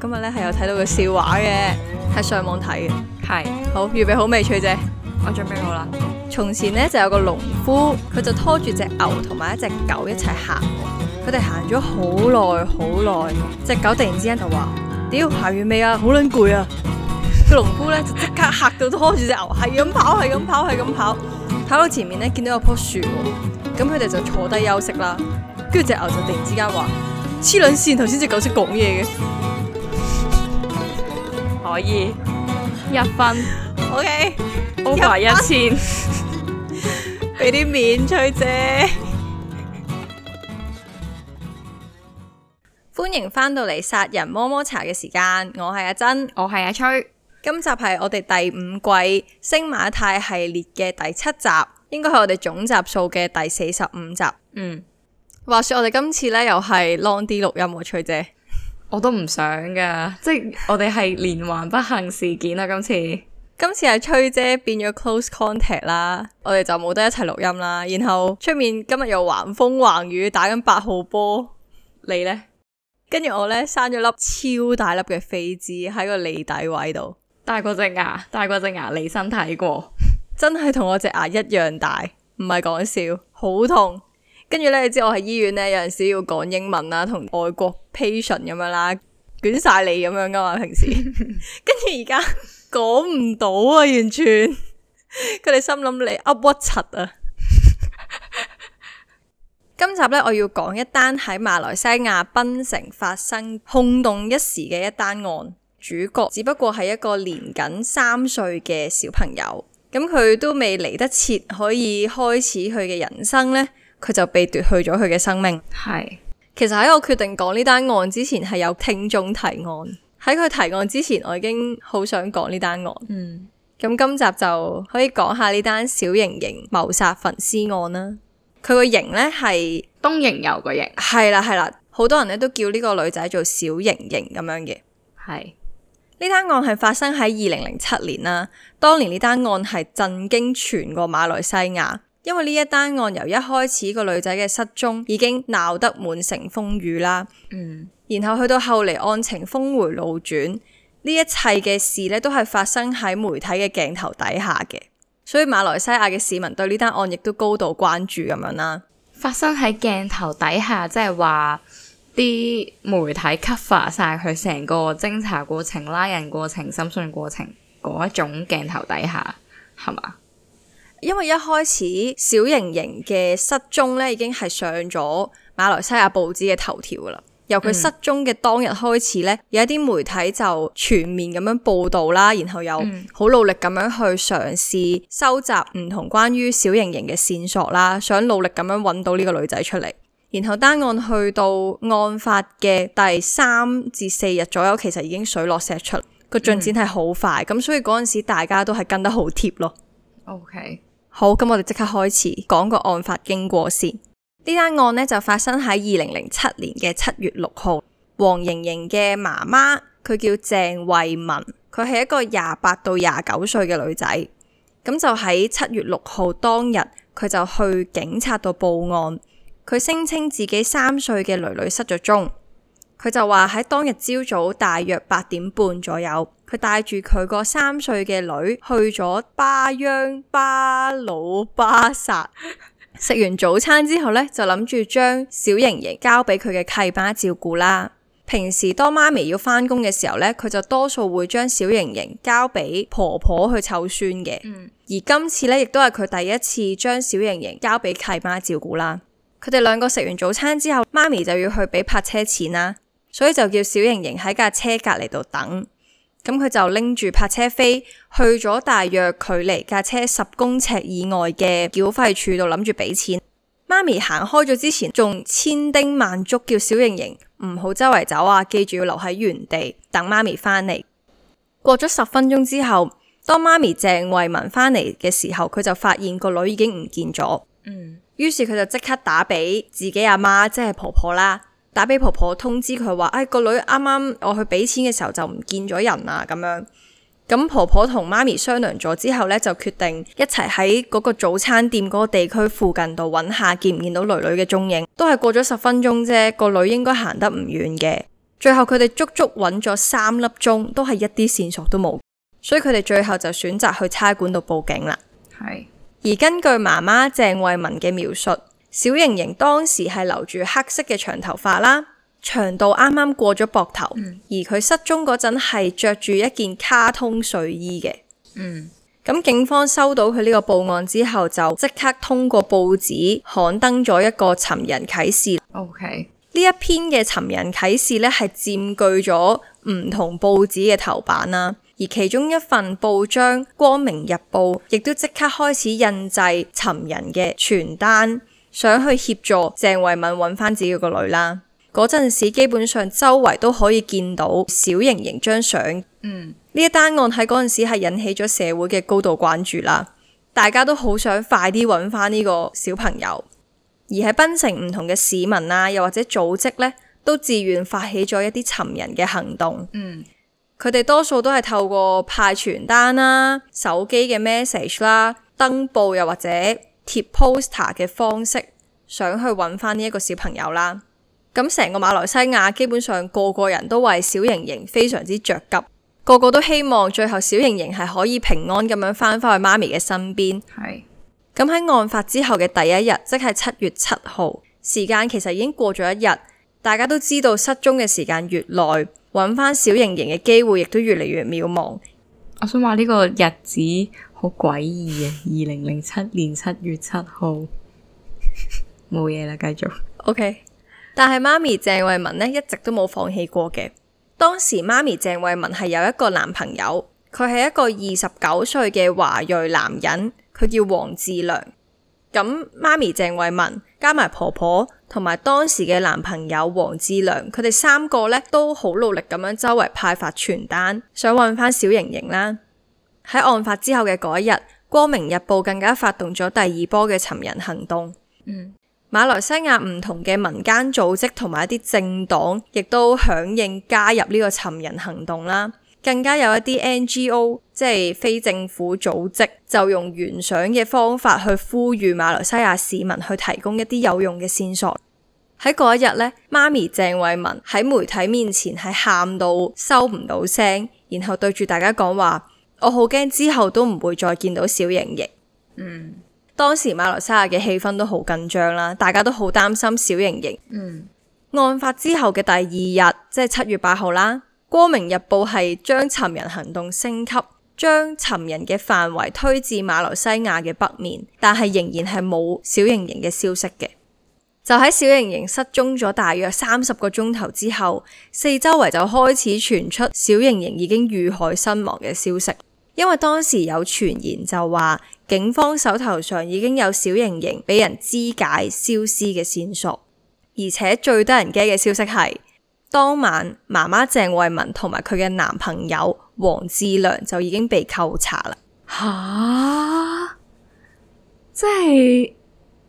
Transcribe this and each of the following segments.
今日咧係有睇到個笑話嘅，係上網睇嘅，係是好預備好未？翠姐啫。我準備好啦。從前呢就有個農夫，佢就拖住隻牛同埋一隻狗一齊行。佢哋行咗好耐好耐，隻狗突然之間就話：屌行 完未 啊？好撚攰啊！個農夫咧就即刻吓到拖住隻牛，係咁跑係咁跑係咁跑，跑到前面咧見到有棵樹，咁佢哋就坐低休息啦。跟住隻牛就突然之間 話：黐撚線，頭先隻狗識講嘢嘅。可以一分 OK，over 一千，俾 啲面，翠 姐。歡迎返到嚟殺人摸摸茶嘅時間，我係阿珍，我係阿翠。今集係我哋第五季星馬泰系列嘅第七集，應該係我哋總集數嘅第四十五集。嗯，話說我哋今次呢又係 long 啲錄音喎、啊，翠姐。我都唔想噶，即係我哋係連環不幸事件啦、啊！今次， 今次係吹姐變咗 close contact 啦，我哋就冇得一齊錄音啦。然後出面今日又橫風橫雨打緊八號波，你呢？跟住我呢，生咗粒超大粒嘅痱子喺個脷底位度，大過隻牙，大過隻牙脷身睇過， 真係同我隻牙一樣大，唔係講笑，好痛。跟住呢，你知我喺醫院呢，有陣時要講英文啦，同外國 patient 咁樣啦，捲晒你咁樣噶嘛，平時跟住而家講唔到啊，完全佢哋 心諗你 up 屈柒啊！今集呢，我要講一單喺馬來西亞檳城發生轟動一時嘅一單案，主角只不過係一個年僅三歲嘅小朋友，咁佢都未嚟得切可以開始佢嘅人生呢。佢就被奪去咗佢嘅生命。係是，其實喺我決定講呢單案之前，係有聽眾提案。喺佢提案之前，我已經好想講呢單案。嗯，咁今集就可以講下呢單小盈瀛謀殺焚屍案啦。佢個瀛咧係東瀛遊嘅瀛。係啦係啦，好多人咧都叫呢個女仔做小盈瀛咁樣嘅。係是，呢單案係發生喺二零零七年啦。當年呢單案係震驚全個馬來西亞。因為呢一單案由一開始一個女仔嘅失蹤已經鬧得滿城風雨啦，嗯，然後去到後嚟，案情峰迴路轉，呢一切嘅事呢都係發生喺媒體嘅鏡頭底下嘅，所以馬來西亞嘅市民對呢單案亦都高度關注咁樣啦。發生喺鏡頭底下，即係話啲媒體 cover 晒佢成個偵查過程、拉人過程、審訊過程嗰一種鏡頭底下，係嘛？因為一開始小盈瀛嘅失蹤咧，已經係上咗馬來西亞報紙嘅頭條啦。由佢失蹤嘅當日開始咧，嗯、有一啲媒體就全面咁樣報道啦，然後又好努力咁樣去嘗試收集唔同關於小盈瀛嘅線索啦，想努力咁樣揾到呢個女仔出嚟。然後單案去到案發嘅第三至四日左右，其實已經水落石出，個進展係好快。咁、嗯、所以嗰陣時大家都係跟得好貼咯。OK，好，咁我哋即刻開始講個案發經過先。呢單案呢，就發生喺二零零七年嘅七月六號，黃盈瀛嘅媽媽，佢叫鄭慧雯，佢係一個廿八到廿九歲嘅女仔，咁就喺七月六號當日，佢就去警察度報案，佢聲稱自己三歲嘅囡囡失咗蹤。佢就話喺當日朝早大約八點半左右，佢帶住佢個三歲嘅女去咗巴央巴魯巴薩食 完早餐之後咧，就諗住將小盈瀛交俾佢嘅契媽照顧啦。平時當媽咪要翻工嘅時候咧，佢就多數會將小盈瀛交俾婆婆去湊孫嘅。嗯、而今次咧，亦都係佢第一次將小盈瀛交俾契媽照顧啦。佢哋兩個食完早餐之後，媽咪就要去俾泊車錢啦。所以就叫小盈瀛喺架車隔籬度等，咁佢就拎住泊車飛去咗大約距離架車十公尺以外嘅繳費處度諗住俾錢。媽咪行開咗之前，仲千叮萬囑叫小盈瀛唔好周圍走啊，記住要留喺原地等媽咪返嚟。過咗十分鐘之後，當媽咪鄭慧雯返嚟嘅時候，佢就發現個女已經唔見咗。嗯，於是佢就即刻打俾自己阿媽，即係婆婆啦。打俾婆婆通知佢話，唉、哎，個女啱啱我去俾錢嘅時候就唔見咗人啊咁樣。咁婆婆同媽咪商量咗之後呢，就決定一齊喺嗰個早餐店嗰個地區附近度揾下，見唔見到女女嘅蹤影。都係過咗十分鐘啫，個女應該行得唔遠嘅。最後佢哋足足揾咗三粒鐘，都係一啲線索都冇，所以佢哋最後就選擇去差館度報警啦。係是。而根據媽媽鄭慧雯嘅描述。小盈瀛當時係留住黑色嘅長頭髮啦，長度啱啱過咗膊頭，嗯、而佢失蹤嗰陣係着住一件卡通睡衣嘅。嗯，咁警方收到佢呢個報案之後，就即刻通過報紙刊登咗一個尋人啟事。O K，呢一篇嘅尋人啟事咧，係佔據咗唔同報紙嘅頭版啦，而其中一份報章《光明日報》亦都即刻開始印製尋人嘅傳單。想去協助鄭慧雯揾翻自己個女啦。嗰陣時基本上周圍都可以見到小盈瀛張相。嗯，呢一單案喺嗰陣時係引起咗社會嘅高度關注啦。大家都好想快啲揾翻呢個小朋友，而喺檳城唔同嘅市民啦、啊，又或者組織呢，都自願發起咗一啲尋人嘅行動。嗯，佢哋多數都係透過派傳單啦、手機嘅 message 啦、登報又或者。貼 poster 嘅方式，想去揾翻呢一個小朋友啦。咁成個馬來西亞基本上個個人都為小盈瀛非常之着急，個個都希望最後小盈瀛係可以平安咁樣翻返去媽咪嘅身邊。係是。咁喺案發之後嘅第一日，即係七月七號，時間其實已經過咗一日，大家都知道失蹤嘅時間越耐，揾翻小盈瀛嘅機會亦都越嚟越渺茫。我想話呢個日子。好詭異啊！二零零七年七月七號，冇嘢啦，繼續。OK，但係媽咪鄭慧雯呢，一直都冇放棄過嘅。當時媽咪鄭慧雯係有一個男朋友，佢係一個二十九歲嘅華裔男人，佢叫王志良。咁媽咪鄭慧雯加埋婆婆同埋當時嘅男朋友王志良，佢哋三個呢都好努力咁樣周圍派發傳單，想揾翻小盈瀛啦。喺案發之後嘅嗰一日，《光明日報》更加發動咗第二波嘅尋人行動。嗯，馬來西亞唔同嘅民間組織同埋一啲政黨，亦都響應加入呢個尋人行動啦。更加有一啲 NGO，即係非政府組織，就用懸賞嘅方法去呼籲馬來西亞市民去提供一啲有用嘅線索。喺嗰一日呢，媽咪鄭慧雯喺媒體面前係喊到收唔到聲，然後對住大家講話。我好驚之後都唔會再見到小盈瀛。嗯，當時馬來西亞嘅氣氛都好緊張啦，大家都好擔心小盈瀛。嗯，案發之後嘅第二日，即係七月八號啦，《光明日報》係將尋人行動升級，將尋人嘅範圍推至馬來西亞嘅北面，但係仍然係冇小盈瀛嘅消息嘅。就喺小盈瀛失蹤咗大約三十個鐘頭之後，四周圍就開始傳出小盈瀛已經遇害身亡嘅消息。因為當時有傳言就話，警方手頭上已經有小盈瀛俾人肢解消失嘅線索，而且最得人驚嘅消息係，當晚媽媽鄭慧雯同埋佢嘅男朋友王志良就已經被扣查啦。吓，即係。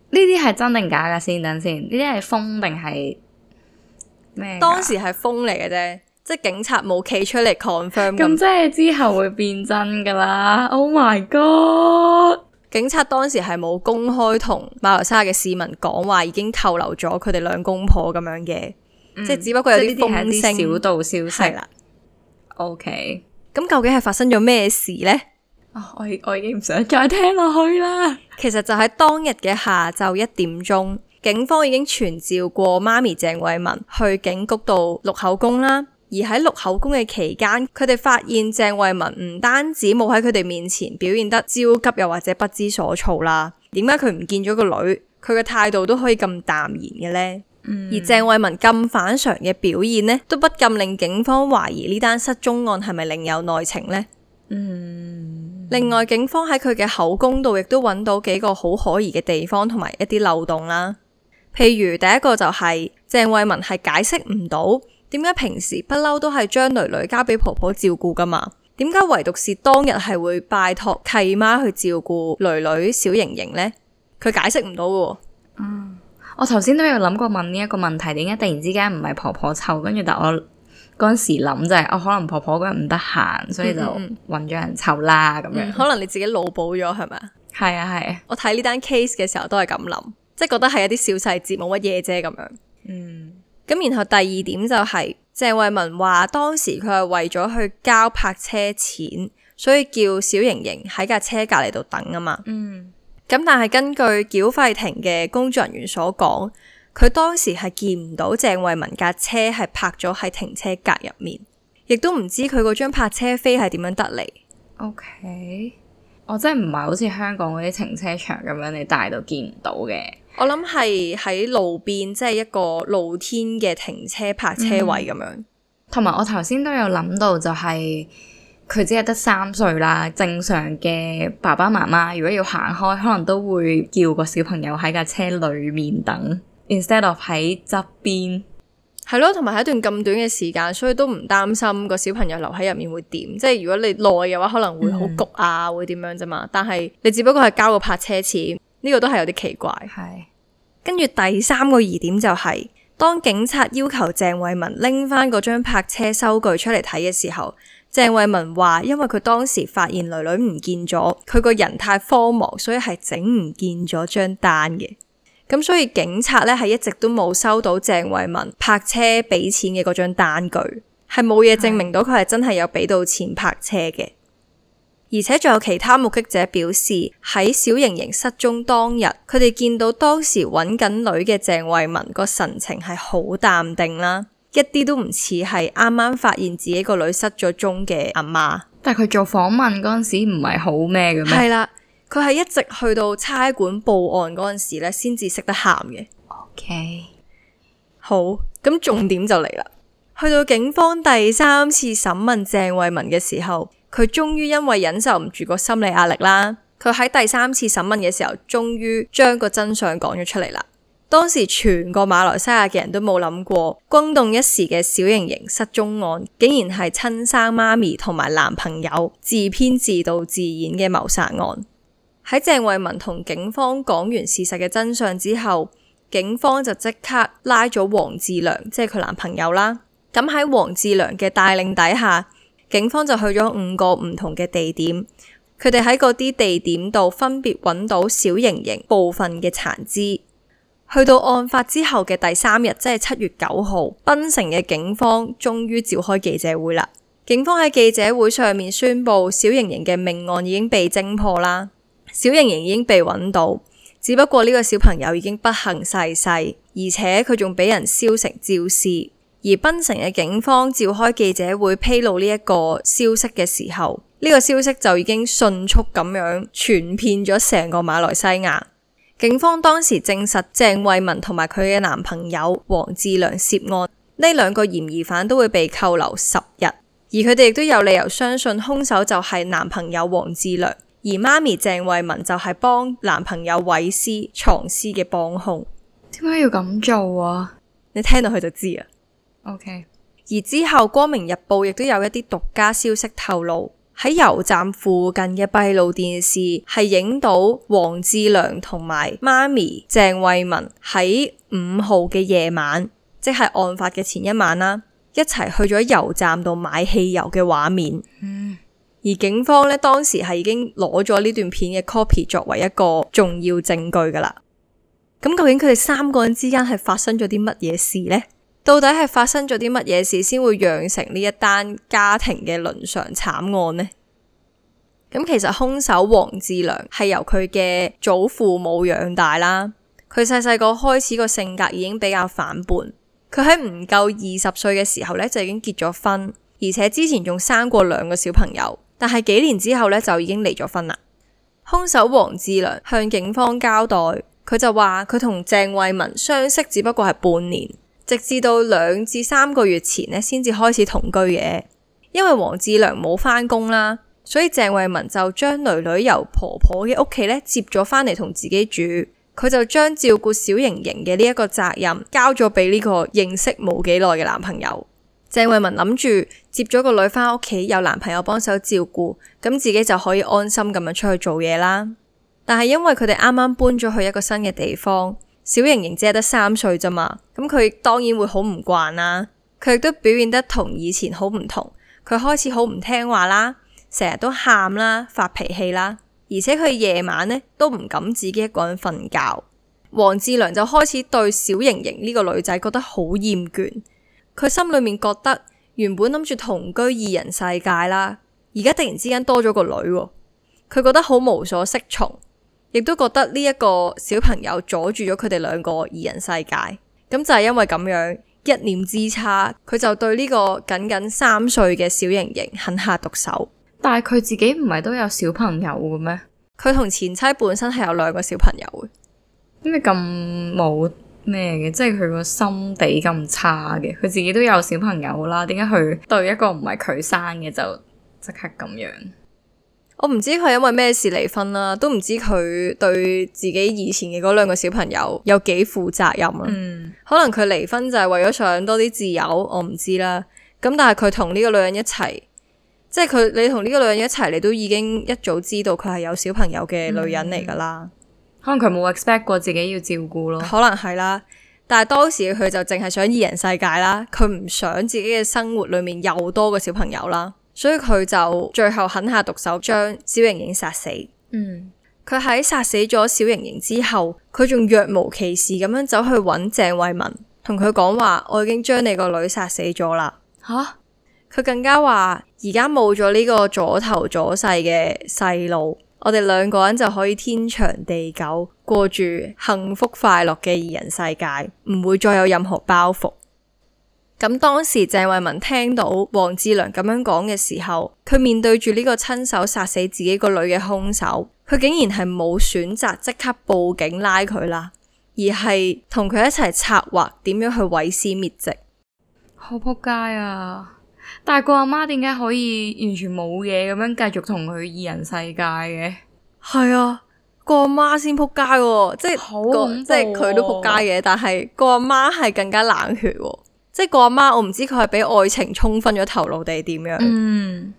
呢啲係真定假噶先，等先。呢啲係風定係咩？當時係風嚟嘅啫，即係警察冇企出嚟 confirm。咁即係之後會變真噶啦。 Oh my god！警察當時係冇公開同馬來西亞嘅市民講話，已經扣留咗佢哋兩公婆咁樣嘅，即係、嗯、只不過有啲風聲、嗯、小道消息啦。了 OK，咁究竟係發生咗咩事咧？我我已經唔想再聽落去啦。 其實就喺當日嘅下晝一點鐘，警方已經傳召過媽咪鄭慧雯去警局度錄口供啦。而喺錄口供嘅期間，佢哋發現鄭慧雯唔單止冇喺佢哋面前表現得焦急，又或者不知所措啦。點解佢唔見咗個女？佢嘅態度都可以咁淡然嘅呢。嗯。而鄭慧雯咁反常嘅表現呢，都不禁令警方懷疑呢單失蹤案係咪另有內情呢？嗯。另外，警方喺佢嘅口供度亦都揾到幾個好可疑嘅地方同埋一啲漏洞啦、啊。譬如第一個就係、是、鄭慧雯係解釋唔到點解平時不嬲都係將囡囡交俾婆婆照顧㗎嘛？點解唯獨是當日係會拜託契媽去照顧囡囡、小盈瀛呢？佢解釋唔到嘅。嗯，我頭先都有諗過問呢一個問題，點解突然之間唔係婆婆湊跟住但我。嗰陣時諗就係、是、哦，可能婆婆嗰日唔得閒，所以就揾咗人湊啦咁、嗯、樣、嗯。可能你自己腦補咗係咪啊？係啊，係啊，我睇呢單 case 嘅時候都係咁諗，即係覺得係一啲小細節冇乜嘢啫咁樣。嗯，咁然後第二點就係鄭慧雯話，當時佢係為咗去交泊車錢，所以叫小盈瀛喺架車隔籬度等啊嘛。嗯，咁但係根據繳費亭嘅工作人員所講。佢當時係見唔到鄭慧雯架車係泊咗喺停車格入面，亦都唔知佢嗰張泊車飛係點樣得嚟。OK，我真係唔係好似香港嗰啲停車場咁樣，你大到見唔到嘅。我諗係喺路邊，即係一個露天嘅停車泊車位咁樣。同埋、嗯、我頭先都有諗到，就係佢只係得三歲啦。正常嘅爸爸媽媽如果要行開，可能都會叫個小朋友喺架車裏面等。Instead of 喺側邊，係咯，同埋喺一段咁短嘅時間，所以都唔擔心個小朋友留喺入面會點。即係如果你耐嘅話，可能會好焗啊，mm hmm. 會點樣啫嘛？但係你只不過係交個泊車錢，呢、這個都係有啲奇怪。係的跟住第三個疑點就係、是，當警察要求鄭慧雯拎翻嗰張泊車收據出嚟睇嘅時候，鄭慧雯話：因為佢當時發現囡囡唔見咗，佢個人太慌忙，所以係整唔見咗張單嘅。咁所以警察咧，係一直都冇收到鄭慧雯泊車俾錢嘅嗰張單據，係冇嘢證明到佢係真係有俾到錢泊車嘅。而且仲有其他目擊者表示，喺小盈瀛失蹤當日，佢哋見到當時揾緊女嘅鄭慧雯個神情係好淡定啦，一啲都唔似係啱啱發現自己個女失咗蹤嘅阿媽。但係佢做訪問嗰陣時唔係好咩嘅咩？係啦。佢係一直去到差館報案嗰陣時咧，先至識得喊嘅。OK，好，咁重點就嚟啦。去到警方第三次審問鄭慧雯嘅時候，佢終於因為忍受唔住個心理壓力啦，佢喺第三次審問嘅時候，終於將個真相講咗出嚟啦。當時全個馬來西亞嘅人都冇諗過，轟動一時嘅小盈瀛失蹤案，竟然係親生媽咪同埋男朋友自編自導自演嘅謀殺案。喺鄭慧雯同警方講完事實嘅真相之後，警方就即刻拉咗王志良，即係佢男朋友啦。咁喺王志良嘅帶領底下，警方就去咗五個唔同嘅地點。佢哋喺嗰啲地點度分別揾到小盈瀛部分嘅殘肢。去到案發之後嘅第三日，即係七月九號，檳城嘅警方終於召開記者會啦。警方喺記者會上面宣布，小盈瀛嘅命案已經被偵破啦。小盈瀛已經被揾到，只不過呢個小朋友已經不幸逝世，世，而且佢仲俾人燒成焦屍。而檳城嘅警方召開記者會披露呢一個消息嘅時候，呢、這個消息就已經迅速咁樣傳遍咗成個馬來西亞。警方當時證實鄭慧雯同埋佢嘅男朋友王志良涉案，呢兩個嫌疑犯都會被扣留十日，而佢哋亦都有理由相信兇手就係男朋友王志良。而媽咪鄭慧雯就係幫男朋友毀屍藏屍嘅幫兇，點解要咁做啊？你聽到佢就知啊。OK，而之後《光明日報》亦都有一啲獨家消息透露，喺油站附近嘅閉路電視係影到王志良同埋媽咪鄭慧雯喺五號嘅夜晚，即係案發嘅前一晚啦，一齊去咗油站度買汽油嘅畫面。嗯。而警方咧當時係已經攞咗呢段片嘅 copy 作為一個重要證據噶啦。咁、嗯、究竟佢哋三個人之間係發生咗啲乜嘢事呢？到底係發生咗啲乜嘢事先會釀成呢一單家庭嘅倫常慘案呢？咁、嗯、其實兇手王志良係由佢嘅祖父母養大啦。佢細細個開始個性格已經比較反叛。佢喺唔夠二十歲嘅時候咧就已經結咗婚，而且之前仲生過兩個小朋友。但係幾年之後呢，就已經離咗婚啦。兇手王志良向警方交代，佢就話佢同鄭慧雯相識只不過係半年，直至到兩至三個月前咧，先至開始同居嘅。因為王志良冇返工啦，所以鄭慧雯就將女女由婆婆嘅屋企咧接咗返嚟同自己住。佢就將照顧小盈瀛嘅呢一個責任交咗俾呢個認識冇幾耐嘅男朋友。鄭慧文諗住接咗個女返屋企，有男朋友幫手照顧，咁自己就可以安心咁樣出去做嘢啦。但係因為佢哋啱啱搬咗去一個新嘅地方，小盈瀛只係得三歲咋嘛，咁佢當然會好唔慣啦。佢亦都表現得同以前好唔同，佢開始好唔聽話啦，成日都喊啦、發脾氣啦，而且佢夜晚呢都唔敢自己一個人瞓覺。王志良就開始對小盈瀛呢個女仔覺得好厭倦。佢心裏面覺得原本諗住同居二人世界啦，而家突然之間多咗個女，啊，佢覺得好無所適從，亦都覺得呢一個小朋友阻住咗佢哋兩個二人世界。咁就係因為咁樣一念之差，佢就對呢個僅僅三歲嘅小盈瀛狠下毒手。但係佢自己唔係都有小朋友嘅咩？佢同前妻本身係有兩個小朋友嘅，點解咁冇？咩嘅？即係佢個心地咁差嘅，佢自己都有小朋友啦，點解佢對一個唔係佢生嘅就即刻咁樣？我唔知佢因為咩事離婚啦，都唔知佢對自己以前嘅嗰兩個小朋友有幾負責任啦，啊。嗯，可能佢離婚就係為咗想多啲自由，我唔知啦。咁但係佢同呢個女人一齊，即係佢你同呢個女人一齊，你都已經一早知道佢係有小朋友嘅女人嚟噶啦。嗯。可能佢冇 expect 過自己要照顧咯，可能係啦。但係當時佢就淨係想二人世界啦，佢唔想自己嘅生活裏面又多個小朋友啦，所以佢就最後狠下毒手將小盈瀛殺死。嗯，佢喺殺死咗小盈瀛之後，佢仲若無其事咁樣走去揾鄭慧雯，同佢講話：我已經將你個女殺死咗啦。吓、啊，佢更加話而家冇咗呢個左頭左勢嘅細路。我哋兩個人就可以天長地久，過住幸福快樂嘅二人世界，唔會再有任何包袱。咁當時鄭慧雯聽到王志良咁樣講嘅時候，佢面對住呢個親手殺死自己個女嘅兇手，佢竟然係冇選擇即刻報警拉佢啦，而係同佢一齊策劃點樣去毀屍滅跡。好仆街啊！但係個阿媽點解可以完全冇嘢咁樣繼續同佢二人世界嘅？係啊，個阿媽先撲街，即係、好、即係佢都撲街嘅，但係個阿媽係更加冷血，即係個阿媽我唔知佢係俾愛情沖昏咗頭腦定係點樣。嗯，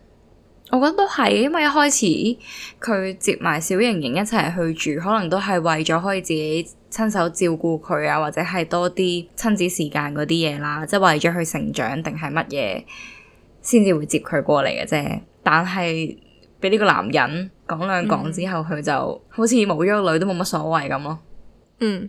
我覺得都係，因為一開始佢接埋小盈瀛一齊去住，可能都係為咗可以自己親手照顧佢啊，或者係多啲親子時間嗰啲嘢啦，即係為咗佢成長定係乜嘢。先至會接佢過嚟嘅啫，但係俾呢個男人講兩講之後，佢、嗯、就好似冇咗個女都冇乜所謂咁咯。嗯，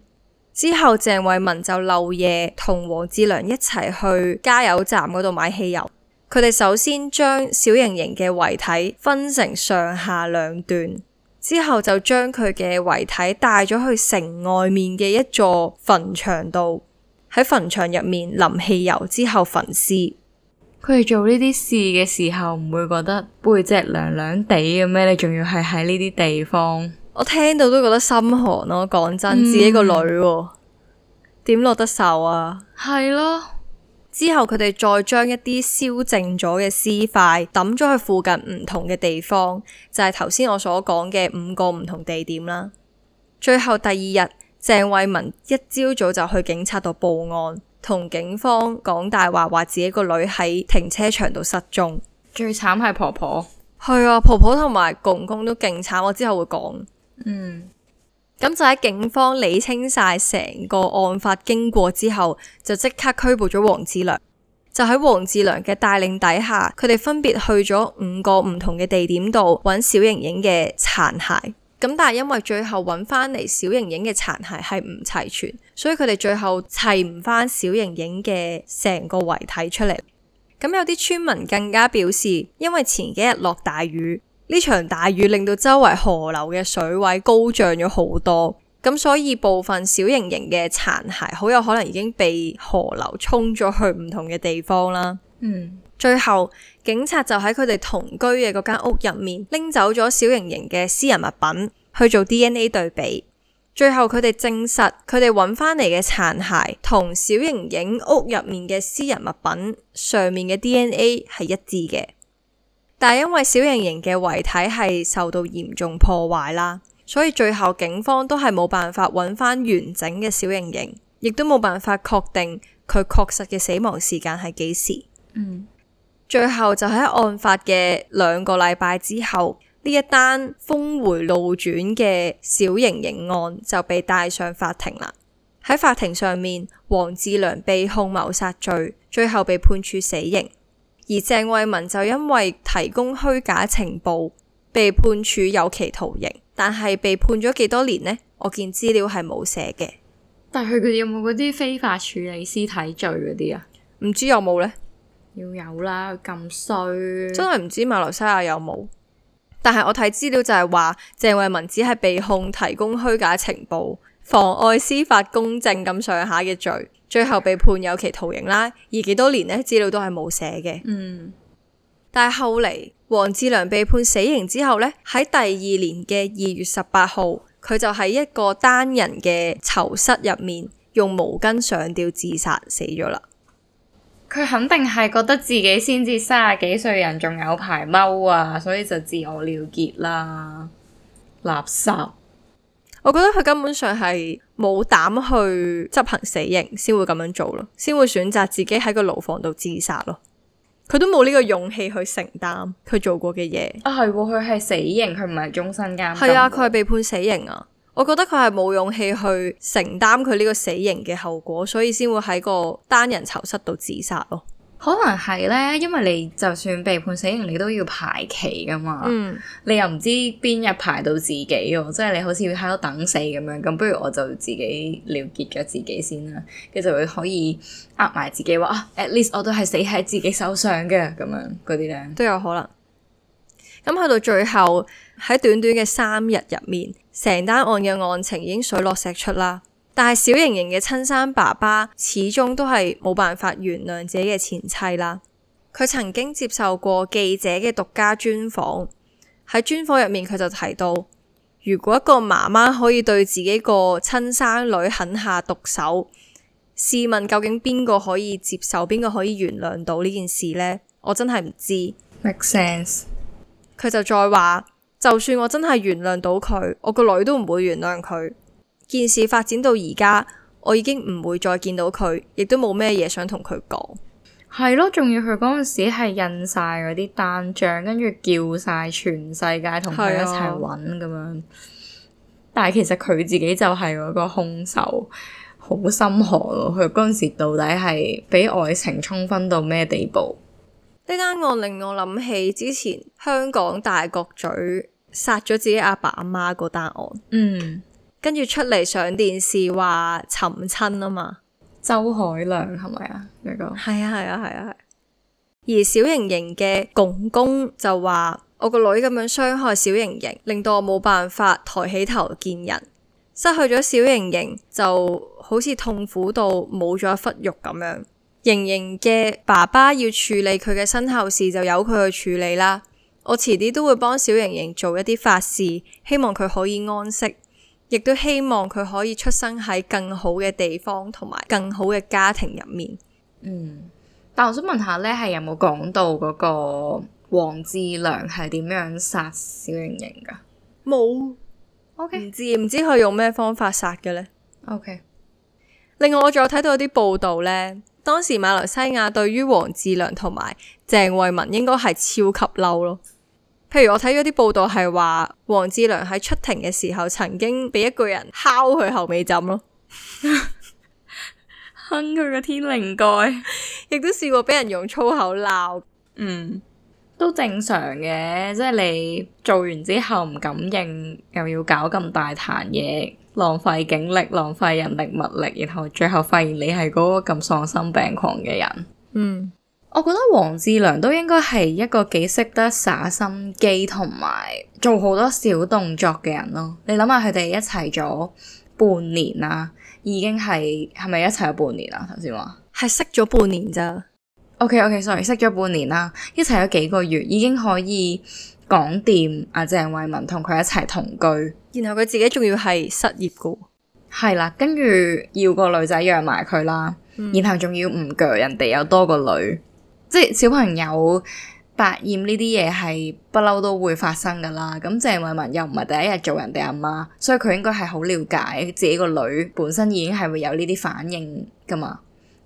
之後鄭慧雯就漏夜同王志良一齊去加油站嗰度買汽油。佢哋首先將小盈瀛嘅遺體分成上下兩段，之後就將佢嘅遺體帶咗去城外面嘅一座墳場度，喺墳場入面淋汽油之後焚屍。佢哋做呢啲事嘅時候唔會覺得背脊涼涼地嘅咩？你仲要係喺呢啲地方，我聽到都覺得心寒咯。講真，自己個女點落得手啊？係咯。之後佢哋再將一啲燒淨咗嘅屍塊抌咗去附近唔同嘅地方，就係頭先我所講嘅五個唔同地點啦。最後第二日，鄭慧雯一朝早就去警察度報案。同警方講大話，話自己個女喺停車場度失蹤。最慘係婆婆，係 啊，婆婆同埋公公都勁慘。我之後會講，嗯，咁就喺警方理清晒成個案發經過之後，就即刻拘捕咗王志良。就喺王志良嘅帶領底下，佢哋分別去咗五個唔同嘅地點度揾小盈瀛嘅殘骸。咁但係因為最後揾翻嚟小盈瀛嘅殘骸係唔齊全，所以佢哋最後砌唔翻小盈瀛嘅成個遺體出嚟。咁有啲村民更加表示，因為前幾日落大雨，呢場大雨令到周圍河流嘅水位高漲咗好多，咁所以部分小盈瀛嘅殘骸好有可能已經被河流沖咗去唔同嘅地方啦。嗯。最後，警察就喺佢哋同居嘅嗰間屋入面拎走咗小盈瀛嘅私人物品去做 DNA 對比。最後佢哋證實佢哋揾翻嚟嘅殘骸同小盈瀛屋入面嘅私人物品上面嘅 DNA 係一致嘅。但係因為小盈瀛嘅遺體係受到嚴重破壞啦，所以最後警方都係冇辦法揾翻完整嘅小盈瀛，亦都冇辦法確定佢確實嘅死亡時間係幾時。嗯。最後就喺案發嘅兩個禮拜之後，呢一單峰迴路轉嘅小盈瀛案就被帶上法庭啦。喺法庭上面，王志良被控謀殺罪，最後被判處死刑。而鄭慧雯就因為提供虛假情報，被判處有期徒刑。但係被判咗幾多年呢？我見資料係冇寫嘅。但係佢哋有冇嗰啲非法處理屍體罪嗰啲啊？唔知有冇呢。要有啦，咁衰真係唔知馬來西亞有冇。但係我睇資料就係話鄭慧雯只係被控提供虛假情報、妨礙司法公正咁上下嘅罪，最後被判有期徒刑啦。而幾多年呢資料都係冇寫嘅。嗯，但係後嚟王志良被判死刑之後呢，喺第二年嘅二月十八號，佢就喺一個單人嘅囚室入面，用毛巾上吊自殺死咗啦。佢肯定係覺得自己先至三十幾歲人，仲有排踎啊，所以就自我了結啦。垃圾！我覺得佢根本上係冇膽去執行死刑，先會咁樣做咯，先會選擇自己喺個牢房度自殺咯。佢都冇呢個勇氣去承擔佢做過嘅嘢。啊，係喎，佢係死刑，佢唔係終身監禁。係啊，佢係被判死刑啊。我覺得佢係冇勇氣去承擔佢呢個死刑嘅後果，所以先會喺個單人囚室度自殺咯。可能係呢，因為你就算被判死刑，你都要排期噶嘛。嗯，你又唔知邊日排到自己哦，即係你好似要喺度等死咁樣。咁不如我就自己了結咗自己先啦，佢就會可以呃埋自己話，at least 我都係死喺自己手上嘅咁樣。嗰啲咧都有可能。咁去到最後喺短短嘅三日入面。成單案嘅案情已經水落石出啦，但係小盈瀛嘅親生爸爸始終都係冇辦法原諒自己嘅前妻啦。佢曾經接受過記者嘅獨家專訪，喺專訪入面佢就提到，如果一個媽媽可以對自己個親生女狠下毒手，試問究竟邊個可以接受，邊個可以原諒到呢件事呢？我真係唔知。Make sense？佢就再話。就算我真係原諒到佢，我個女都唔會原諒佢。件事發展到而家，我已經唔會再見到佢，亦都冇咩嘢想同佢講。係咯，仲要佢嗰陣時係印晒嗰啲單張，跟住叫晒全世界同佢一齊揾咁樣。但係其實佢自己就係嗰個凶手，好心寒咯。佢嗰陣時到底係俾愛情沖昏到咩地步？呢單案令我諗起之前香港大角咀殺咗自己阿爸阿媽嗰單案，嗯，跟住出嚟上電視話尋親啊嘛，周海亮係咪啊？你講係啊係啊係啊，啊啊而小盈瀛嘅公公就話，我個女咁樣傷害小盈瀛，令到我冇辦法抬起頭見人，失去咗小盈瀛就好似痛苦到冇咗一忽肉咁樣。盈瀛嘅爸爸要處理佢嘅身後事，就由佢去處理啦。我遲啲都會幫小盈瀛做一啲法事，希望佢可以安息，亦都希望佢可以出生喺更好嘅地方同埋更好嘅家庭入面。嗯，但我想問下咧，係有冇講到嗰個王志良係點樣殺小盈瀛噶？冇沒。O K，唔知唔知佢用咩方法殺嘅咧？O K。Okay. 另外，我仲有睇到啲報道咧。當時馬來西亞對於王志良同埋鄭慧雯應該係超級嬲咯，譬如我睇咗啲報道係話，王志良喺出庭嘅時候曾經俾一個人敲佢後尾枕咯， 哼佢個天靈蓋，亦都試過畀人用粗口鬧，嗯，都正常嘅，即係你做完之後唔敢認，又要搞咁大壇嘢。浪費警力、浪費人力物力，然後最後發現你係嗰個咁喪心病狂嘅人。嗯，我覺得王志良都應該係一個幾識得耍心機同埋做好多小動作嘅人咯。你諗下佢哋一齊咗半年啦，已經係係咪一齊咗半年啊？頭先話係識咗半年咋？OK OK，sorry，、okay, 識咗半年啦，一齊咗幾個月，已經可以講掂。阿、啊、鄭慧雯同佢一齊同居。然後佢自己仲要係失業噶，係啦，跟住要個女仔養埋佢啦，嗯、然後仲要唔鋸人哋有多個女，即係小朋友百厭呢啲嘢係不嬲都會發生噶啦。咁鄭慧雯又唔係第一日做人哋阿媽，媽，所以佢應該係好了解自己個女本身已經係會有呢啲反應噶嘛。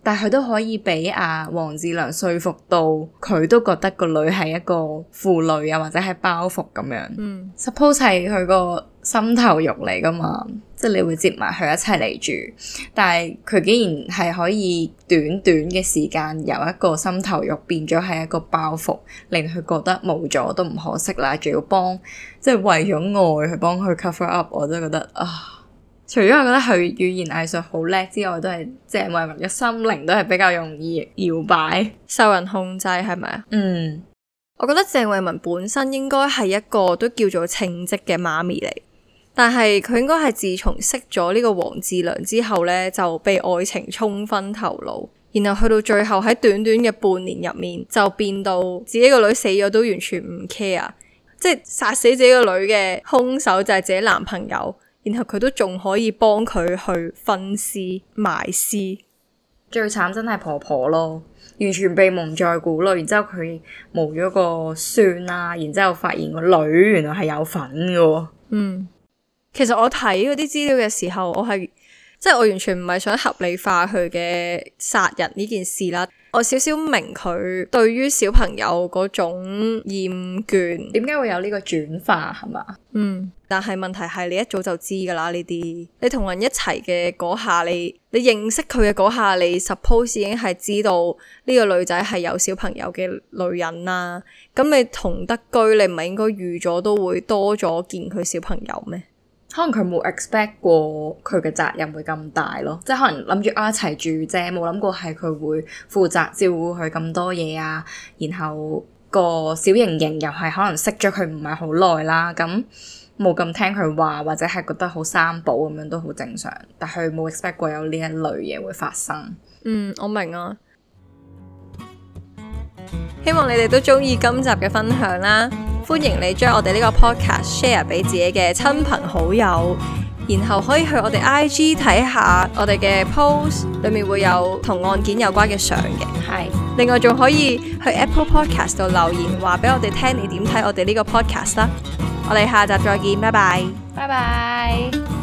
但係佢都可以俾阿王志良說服到，佢都覺得個女係一個負累啊，或者係包袱咁樣。嗯、Suppose 係佢個。心頭肉嚟㗎嘛，即係你會接埋佢一齊嚟住，但係佢竟然係可以短短嘅時間由一個心頭肉變咗係一個包袱，令佢覺得冇咗都唔可惜啦，仲要幫，即係為咗愛去幫佢 cover up，我都覺得啊，除咗我覺得佢語言藝術好叻之外，都係鄭慧雯嘅心靈都係比較容易搖擺、受人控制，係咪啊？嗯，我覺得鄭慧雯本身應該係一個都叫做稱職嘅媽咪嚟。但係佢應該係自從識咗呢個王志良之後呢，就被愛情沖昏頭腦，然後去到最後喺短短嘅半年入面就變到自己個女死咗都完全唔 care，即係殺死自己個女嘅兇手就係自己男朋友，然後佢都仲可以幫佢去分屍埋屍。最慘真係婆婆咯，完全被蒙在鼓裏，然之後佢冇咗個孫啦，然之後發現個女原來係有份㗎，嗯。其實我睇嗰啲資料嘅時候，我係即係我完全唔係想合理化佢嘅殺人呢件事啦。我少少明佢對於小朋友嗰種厭倦，點解會有呢個轉化係嘛？嗯，但係問題係你一早就知噶啦呢啲，你同人一齊嘅嗰下，你你認識佢嘅嗰下，你 suppose 已經係知道呢個女仔係有小朋友嘅女人啦。咁你同德居，你唔係應該預咗都會多咗見佢小朋友咩？可能佢冇 expect 過佢嘅責任會咁大咯，即係可能諗住啊，一齊住啫，冇諗過係佢會負責照顧佢咁多嘢啊。然後個小盈瀛又係可能識咗佢唔係好耐啦，咁冇咁聽佢話或者係覺得好生保咁樣都好正常。但係佢冇 expect 過有呢一類嘢會發生。嗯，我明啊。希望你哋都中意今集嘅分享啦。歡迎你將我哋呢個 podcast share 俾自己嘅親朋好友，然後可以去我哋 IG 睇下我哋嘅 post，裏面會有同案件有關嘅相嘅。係的，另外仲可以去 Apple Podcast 度留言，話俾我哋聽你點睇我哋呢個 podcast 啦。我哋下集再見，拜拜，拜拜。